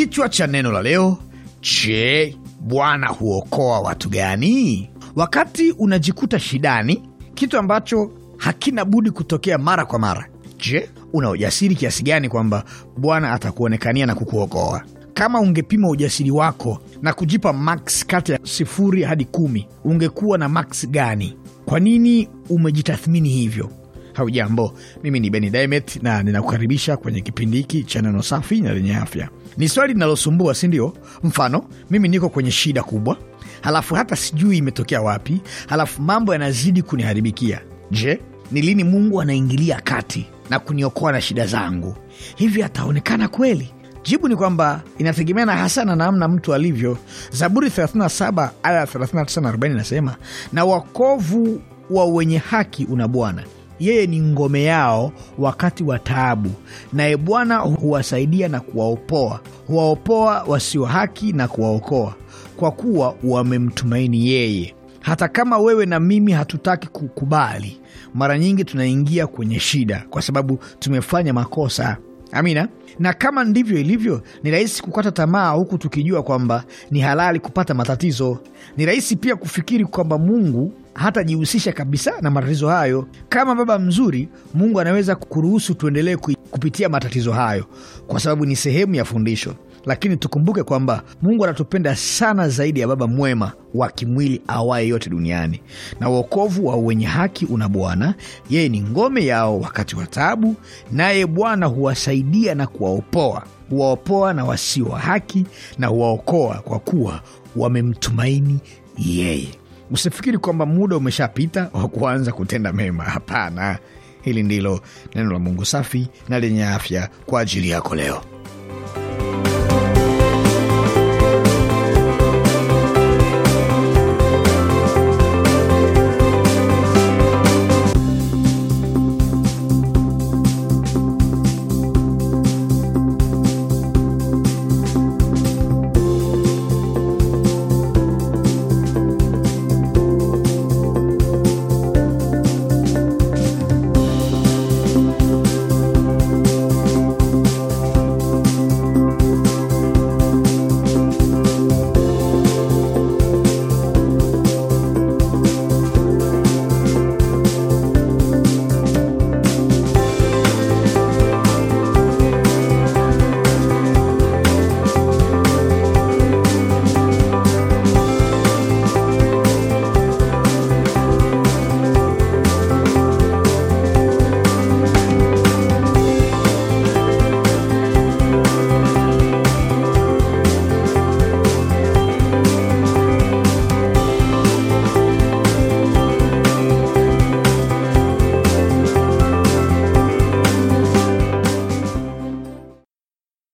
Kichwa cha neno la leo: Je, Bwana huokoa watu gani? Wakati unajikuta shidani, kitu ambacho hakina budi kutokea mara kwa mara, je, una ujasiri kiasi gani kwamba Bwana atakuonekania na kukuokoa? Kama ungepima ujasiri wako na kujipa max kati ya sifuri hadi kumi, ungekuwa na max gani? Kwa nini umejitathmini hivyo? Haujambo, mimi ni Beni Dimet na ninakukaribisha kwenye kipindi hiki cha neno safi na lenye afya. Ni swali linalosumbua, si ndio? Mfano, mimi niko kwenye shida kubwa, halafu hata sijui imetokea wapi, halafu mambo yanazidi kuniharibikia. Je, ni lini Mungu anaingilia kati na kuniokoa na shida zangu? Hivi ataonekana kweli? Jibu ni kwamba inategemeana hasa na namna mtu alivyo. Zaburi 37 aya 39 40 inasema, na wakovu wa wenye haki una Bwana, yeye ni ngome yao wakati wa taabu, naye Bwana huwasaidia na kuwaopoa, huwaopoa wasio haki na kuwaokoa, kwa kuwa wamemtumaini yeye. Hata kama wewe na mimi hatutaki kukubali, mara nyingi tunaingia kwenye shida kwa sababu tumefanya makosa. Amina. Na kama ndivyo ilivyo, ni rahisi kukata tamaa, huku tukijua kwamba ni halali kupata matatizo. Ni rahisi pia kufikiri kwamba Mungu hatajihusisha kabisa na matatizo hayo. Kama baba mzuri, Mungu anaweza kuruhusu tuendelee kupitia matatizo hayo kwa sababu ni sehemu ya fundisho, lakini tukumbuke kwamba Mungu anatupenda sana zaidi ya baba mwema wa kimwili awaye yote duniani, na uokovu wa wenye haki una Bwana. Yeye ni ngome yao wakati wa taabu, naye Bwana huwasaidia na kuwaopoa, huwaopoa na wasio wa haki na huwaokoa, kwa kuwa wamemtumaini yeye. Usifikiri kwamba muda umeshapita wa kuanza kutenda mema. Hapana, hili ndilo neno la Mungu safi na lenye afya kwa ajili yako leo.